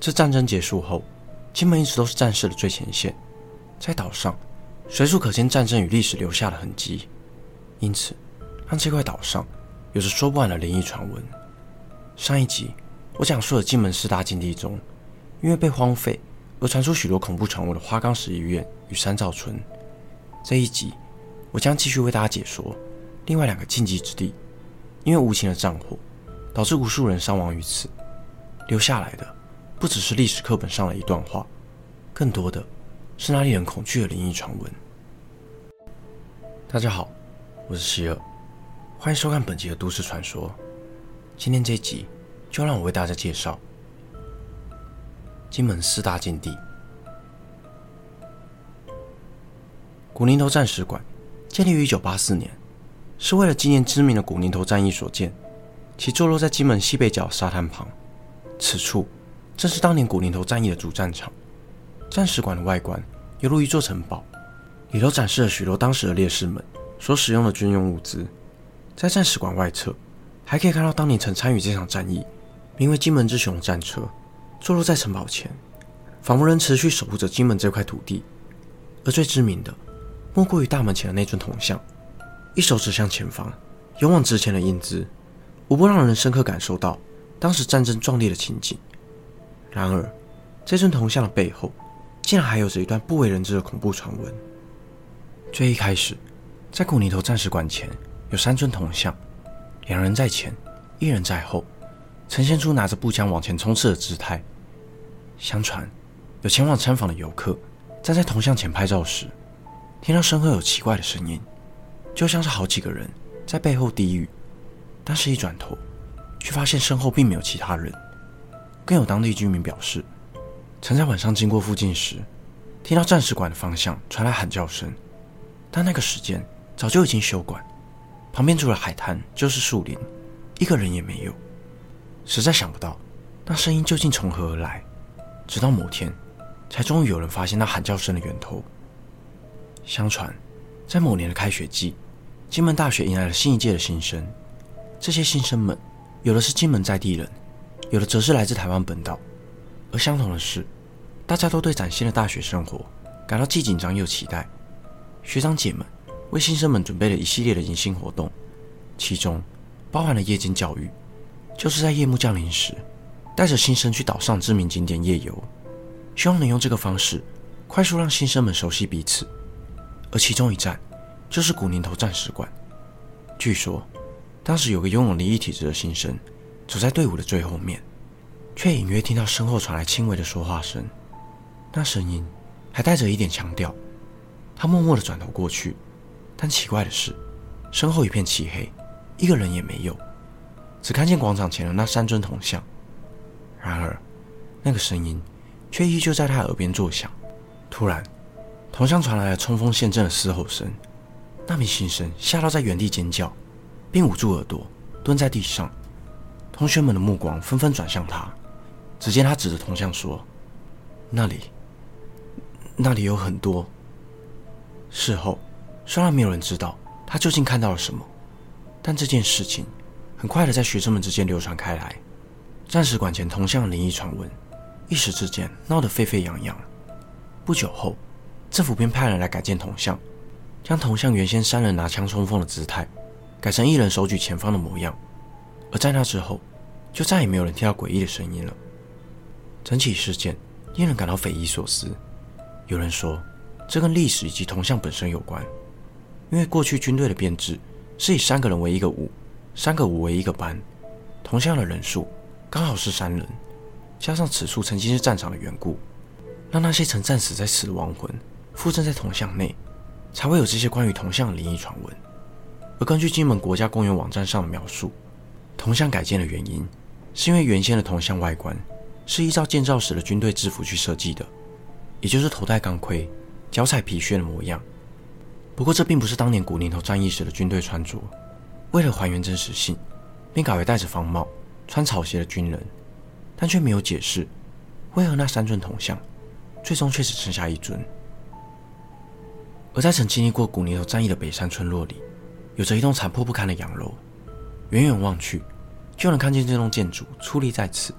這戰爭結束後，金門一直都是戰事的最前線。在島上，隨處可見戰爭與歷史留下的痕迹，因此讓這塊島上有着說不完的靈異傳聞。上一集我講述了金門四大禁地中，因為被荒廢而傳出許多恐怖傳聞的花崗石醫院與山灶村。這一集我將繼續為大家解說另外兩個禁忌之地，因為無情的戰火，導致無數人傷亡於此，留下來的不只是歷史課本上的一段話，更多的是那令人恐懼的靈異傳聞。大家好，我是希爾，歡迎收看本集的都市傳說。今天這集就讓我為大家介紹金門四大禁地——古寧頭戰史館，建立於一九八四年，是為了紀念知名的古寧頭戰役所建，其坐落在金門西北角沙灘旁，此處。這是當年古寧頭戰役的主戰場，戰史館的外觀猶如一座城堡，裡頭展示了許多當時的烈士們所使用的軍用物資。在戰史館外側，還可以看到當年曾參與這場戰役、名為“金門之雄”的戰車，坐落在城堡前，仿佛仍持續守護着金門這塊土地。而最知名的，莫過於大門前的那尊銅像，一手指向前方，勇往直前的英姿，無不讓人深刻感受到當時戰爭壯烈的情景。然而，這尊銅像的背後，竟然還有着一段不為人知的恐怖傳聞。最一開始，在古寧頭戰史館前有三尊銅像，兩人在前，一人在後，呈現出拿着步槍往前衝刺的姿態。相傳，有前往參訪的游客站在銅像前拍照時，聽到身後有奇怪的聲音，就像是好幾個人在背後低語，但是一轉頭，卻發現身後並沒有其他人。更有當地居民表示，曾在晚上經過附近時，聽到戰史館的方向傳來喊叫聲，但那個時間早就已經休館。旁邊除了海灘就是樹林，一個人也沒有，實在想不到那聲音究竟從何而來。直到某天，才終於有人發現那喊叫聲的源頭。相傳，在某年的開學季，金門大學迎來了新一屆的新生，這些新生們有的是金門在地人。有的則是來自台灣本島，而相同的是，大家都對嶄新的大學生活感到既緊張又期待。學長姐們為新生們準備了一系列的迎新活動，其中包含了夜間教育，就是在夜幕降臨時，帶着新生去島上知名景點夜遊，希望能用這個方式快速讓新生們熟悉彼此。而其中一站就是古寧頭戰史館，據說當時有個擁有靈異體質的新生，走在隊伍的最後面，卻隱約聽到身後傳來輕微的說話聲，那聲音還帶着一點腔調。他默默地轉頭過去，但奇怪的是，身後一片漆黑，一個人也沒有，只看見廣場前的那三尊銅像。然而，那個聲音卻依舊在他耳邊作響。突然，銅像傳來了衝鋒陷陣的嘶吼聲，那名新生嚇到在原地尖叫，並捂住耳朵蹲在地上。同學們的目光紛紛轉向他，只見他指着銅像說：“那裡，那裡有很多。”事後，雖然沒有人知道他究竟看到了什麼，但這件事情很快的在學生們之間流傳開來。戰史館前銅像靈異傳聞，一時之間鬧得沸沸揚揚。不久後，政府便派人來改建銅像，將銅像原先三人拿槍衝鋒的姿態，改成一人手舉前方的模樣。而在那之後，就再也沒有人聽到詭異的聲音了。整起事件令人感到匪夷所思。有人說，這跟歷史以及銅像本身有關，因為過去軍隊的編制是以三個人為一個伍，三個伍為一個班，銅像的人數剛好是三人，加上此處曾經是戰場的緣故，讓那些曾戰死在此的亡魂附身在銅像內，才會有這些關於銅像的靈異傳聞。而根據金門國家公園網站上的描述。銅像改建的原因，是因為原先的銅像外觀是依照建造時的軍隊制服去設計的，也就是頭戴鋼盔、腳踩皮靴的模樣。不過這並不是當年古寧頭戰役時的軍隊穿着，為了還原真實性，便改為戴着方帽、穿草鞋的軍人，但卻沒有解釋為何那三尊銅像最終卻只剩下一尊。而在曾經歷過古寧頭戰役的北山村落裡，有着一棟殘破不堪的洋樓，遠遠望去。就能看見這棟建築矗立在此，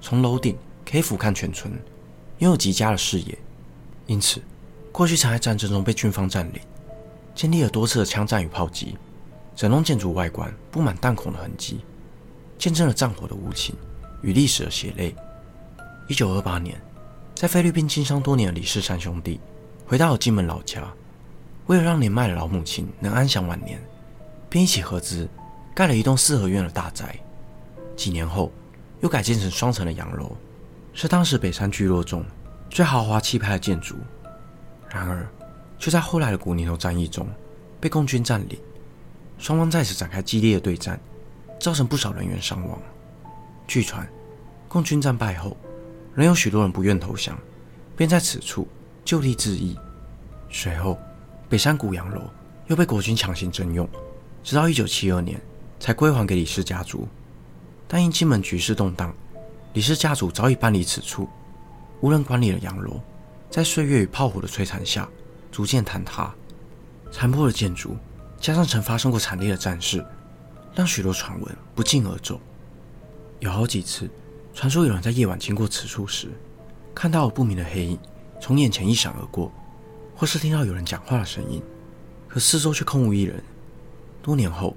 從樓頂可以俯瞰全村，擁有極佳的視野。因此，過去常在戰爭中被軍方占領，經歷了多次的槍戰與炮擊，整棟建築外觀布滿彈孔的痕跡，見證了戰火的無情與歷史的血淚。一九二八年，在菲律賓經商多年的李氏三兄弟回到了金門老家，為了讓年邁的老母親能安享晚年，便一起合資。蓋了一棟四合院的大宅，幾年後又改建成雙層的洋樓，是當時北山聚落中最豪華氣派的建築。然而，就在後來的古寧頭戰役中被共軍佔領，雙方再次展開激烈的對戰，造成不少人員傷亡。據傳，共軍戰敗後，仍有許多人不願投降，便在此處就地自縊。隨後，北山古洋樓又被國軍強行徵用，直到1972年。才歸還給李氏家族，但因金門局勢動盪，李氏家族早已搬離此處，無人管理的洋樓，在歲月與炮火的摧殘下逐漸坍塌，殘破的建築加上曾發生過慘烈的戰事，讓許多傳聞不脛而走。有好幾次，傳說有人在夜晚經過此處時，看到了不明的黑影從眼前一閃而過，或是聽到有人講話的聲音，可四周卻空無一人。多年後，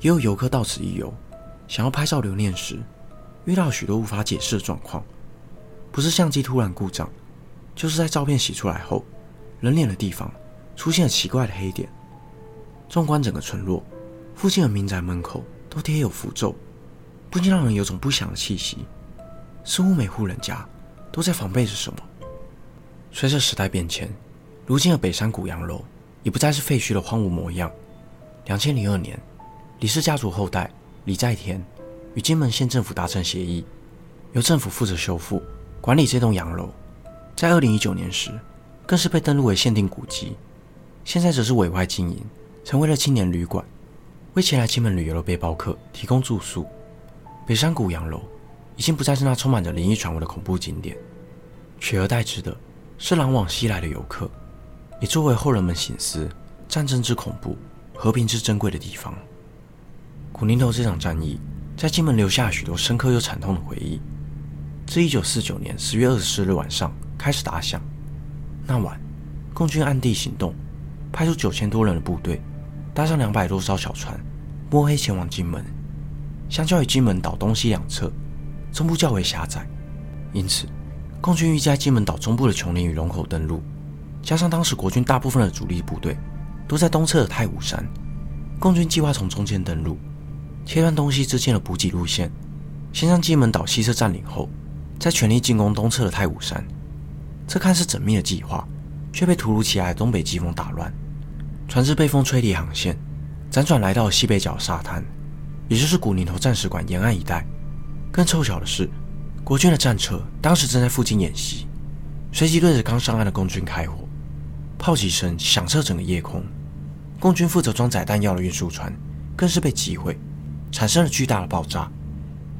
也有遊客到此一遊，想要拍照留念時，遇到許多無法解釋的狀況，不是相機突然故障，就是在照片洗出來後，人臉的地方出現了奇怪的黑點。縱觀整個村落，附近的民宅門口都貼有符咒，不禁讓人有種不祥的氣息，似乎每戶人家都在防備着什麼。隨着時代變遷，如今的北山古洋樓已不再是廢墟的荒蕪模樣，兩千零二年。李氏家族後代李在田與金門縣政府達成協議，由政府負責修復、管理這棟洋樓。在2019年時，更是被登錄為縣定古蹟，現在則是委外經營，成為了青年旅館，為前來金門旅遊的背包客提供住宿。北山古洋樓已經不再是那充滿着靈異傳聞的恐怖景點，取而代之的是來往西來的遊客，也作為後人們省思戰爭之恐怖、和平之珍貴的地方。古寧頭這場戰役在金門留下了許多深刻又慘痛的回憶。自一九四九年十月二十四日晚上開始打響。那晚，共軍暗地行動，派出九千多人的部隊，搭上兩百多艘小船，摸黑前往金門。相較於金門島東西兩側，中部較為狹窄，因此共軍預計在金門島中部的瓊林與龍口登陸。加上當時國軍大部分的主力部隊都在東側的太武山，共軍計劃從中間登陸。切斷東西之間的補給路線，先將金門島西側占領後，再全力進攻東側的太武山。這看似縝密的計劃，卻被突如其來的東北季風打亂。船只被風吹離航線，輾轉來到了西北角沙灘，也就是古寧頭戰史館沿岸一帶。更湊巧的是，國軍的戰車當時正在附近演習，隨即對着剛上岸的共軍開火，炮擊聲響徹整個夜空。共軍負責裝載彈藥的運輸船更是被擊毀。產生了巨大的爆炸，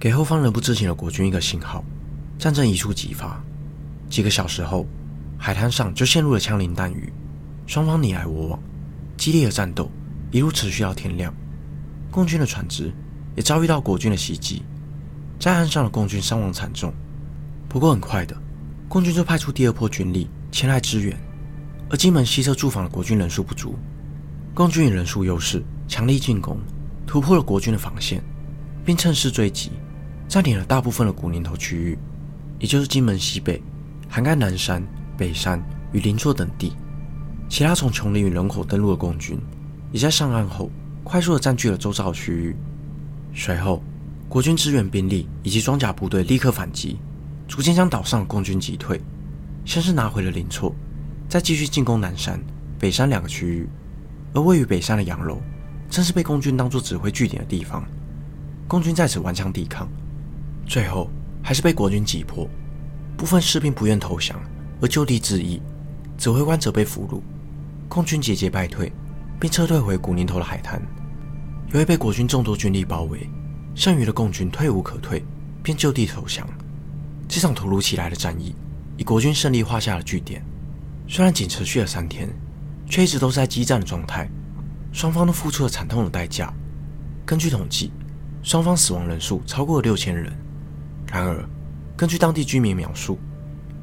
給後方仍不知情的國軍一個信號，戰爭一觸即發。幾個小時後，海灘上就陷入了槍林彈雨，雙方你來我往，激烈的戰鬥一路持續到天亮。共軍的船只也遭遇到國軍的襲擊，在岸上的共軍傷亡慘重。不過很快的，共軍就派出第二波軍力前來支援，而金門西側駐防的國軍人數不足，共軍以人數優勢強力進攻。突破了國軍的防線，並趁勢追擊，佔領了大部分的古寧頭區域，也就是金門西北、涵蓋南山、北山與林厝等地。其他從瓊林與人口登陸的共軍，也在上岸後快速的佔據了周遭的區域。隨後，國軍支援兵力以及裝甲部隊立刻反擊，逐漸將島上的共軍擊退，先是拿回了林厝，再繼續進攻南山、北山兩個區域，而位於北山的洋樓。正是被共軍當作指揮據點的地方，共軍在此頑強抵抗，最後還是被國軍擊破。部分士兵不願投降，而就地自縊，指揮官則被俘虜。共軍節節敗退，並撤退回古寧頭的海灘。由於被國軍眾多軍力包圍，剩餘的共軍退無可退，便就地投降。這場突如其來的戰役，以國軍勝利畫下了句點。雖然僅持續了三天，卻一直都是在激戰的狀態。雙方都付出了慘痛的代價。根據統計，雙方死亡人數超過了六千人。然而，根據當地居民描述，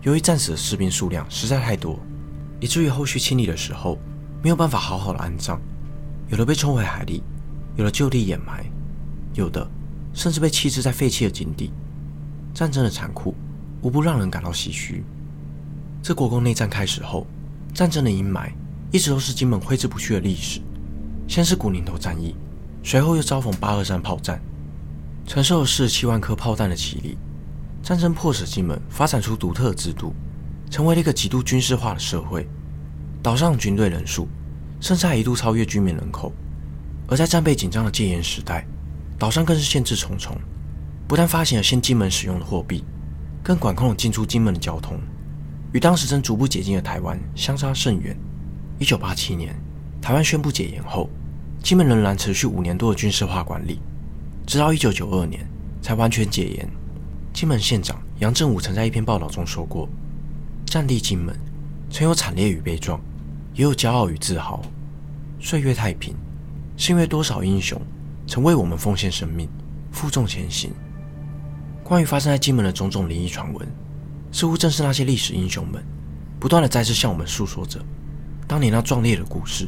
由於戰死的士兵數量實在太多，以至於後續清理的時候沒有辦法好好的安葬，有的被沖回海裡，有的就地掩埋，有的甚至被棄置在廢棄的井底。戰爭的殘酷無不讓人感到唏噓。自國共內戰開始後，戰爭的陰霾一直都是金門揮之不去的歷史。先是古寧頭戰役，隨後又遭逢八二三炮戰，承受了四十七萬顆炮彈的洗禮。戰爭迫使金門發展出獨特的制度，成為了一個極度軍事化的社會。島上的軍隊人數甚至還一度超越居民人口。而在戰備緊張的戒嚴時代，島上更是限制重重，不但發行了限金門使用的貨幣，更管控了進出金門的交通。與當時正逐步解禁的台灣相差甚遠。一九八七年，台灣宣布解嚴後，金門仍然持續五年多的軍事化管理，直到一九九二年才完全解嚴。金門縣長楊振武曾在一篇報道中說過：“戰地金門，曾有慘烈與悲壯，也有驕傲與自豪。歲月太平，是因為多少英雄曾為我們奉獻生命，負重前行。”關於發生在金門的種種靈異傳聞，似乎正是那些歷史英雄們，不斷的再次向我們訴說着當年那壯烈的故事。